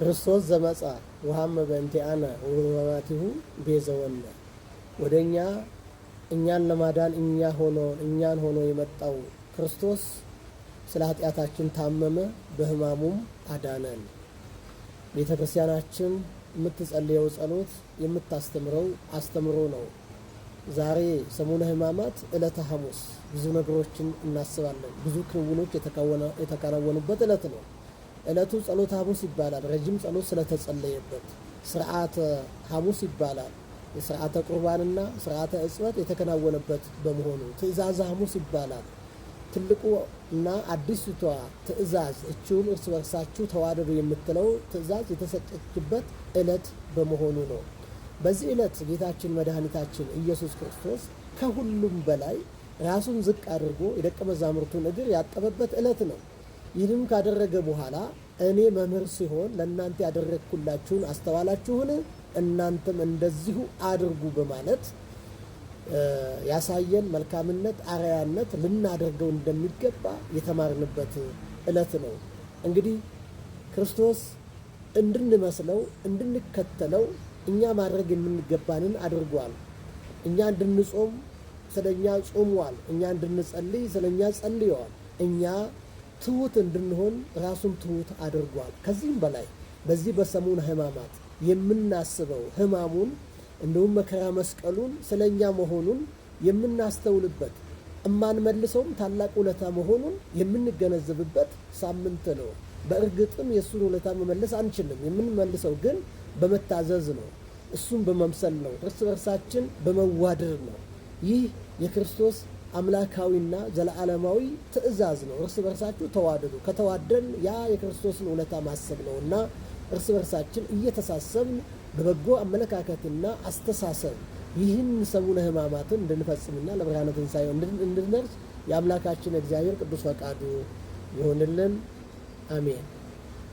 ክርስቶስ ዘመጻ ውሃም በእንቲአነ ወበማቲሁ ቤዘወነ ወደ እኛ እኛን ለማዳን እኛ ሆኖ እኛን ሆኖ የመጣው ክርስቶስ ስለ ኃጢአታችን ታመመ፣ በህማሙም አዳነን። ቤተ ክርስቲያናችን የምትጸልየው ጸሎት የምታስተምረው አስተምሮ ነው። ዛሬ ሰሙነ ህማማት ዕለተ ሐሙስ ብዙ ነገሮችን እናስባለን። ብዙ ክንውኖች የተከናወኑበት ዕለት ነው። ዕለቱ ጸሎት ሐሙስ ይባላል። ረዥም ጸሎት ስለተጸለየበት ስርዓተ ሐሙስ ይባላል። የስርዓተ ቁርባንና ስርዓተ እጽበት የተከናወነበት በመሆኑ ትእዛዝ ሐሙስ ይባላል። ትልቁ እና አዲስቷ ትእዛዝ እችውን እርስ በርሳችሁ ተዋደዱ የምትለው ትእዛዝ የተሰጠችበት ዕለት በመሆኑ ነው። በዚህ ዕለት ጌታችን መድኃኒታችን ኢየሱስ ክርስቶስ ከሁሉም በላይ ራሱን ዝቅ አድርጎ የደቀ መዛሙርቱን እግር ያጠበበት ዕለት ነው። ይህንም ካደረገ በኋላ እኔ መምህር ሲሆን ለእናንተ ያደረግኩላችሁን አስተዋላችሁን? እናንተም እንደዚሁ አድርጉ በማለት ያሳየን መልካምነት፣ አርአያነት ልናደርገው እንደሚገባ የተማርንበት እለት ነው። እንግዲህ ክርስቶስ እንድንመስለው እንድንከተለው እኛ ማድረግ የምንገባንን አድርጓል። እኛ እንድንጾም ስለኛ ጾሟል። እኛ እንድንጸልይ ስለኛ ጸልየዋል። እኛ ትሑት እንድንሆን ራሱን ትሑት አድርጓል። ከዚህም በላይ በዚህ በሰሙን ሕማማት የምናስበው ሕማሙን እንዲሁም መከራ መስቀሉን ስለ እኛ መሆኑን የምናስተውልበት እማንመልሰውም ታላቅ ውለታ መሆኑን የምንገነዘብበት ሳምንት ነው። በእርግጥም የእሱን ውለታ መመለስ አንችልም። የምንመልሰው ግን በመታዘዝ ነው። እሱም በመምሰል ነው። እርስ በርሳችን በመዋደድ ነው። ይህ የክርስቶስ አምላካዊና ዘለዓለማዊ ትእዛዝ ነው። እርስ በርሳችሁ ተዋደዱ። ከተዋደን ያ የክርስቶስን እውነታ ማሰብ ነውና እርስ በርሳችን እየተሳሰብን በበጎ አመለካከትና አስተሳሰብ ይህን ሰሙነ ሕማማትን እንድንፈጽምና ለብርሃነ ትንሣኤው እንድንደርስ የአምላካችን እግዚአብሔር ቅዱስ ፈቃዱ ይሆንልን። አሜን።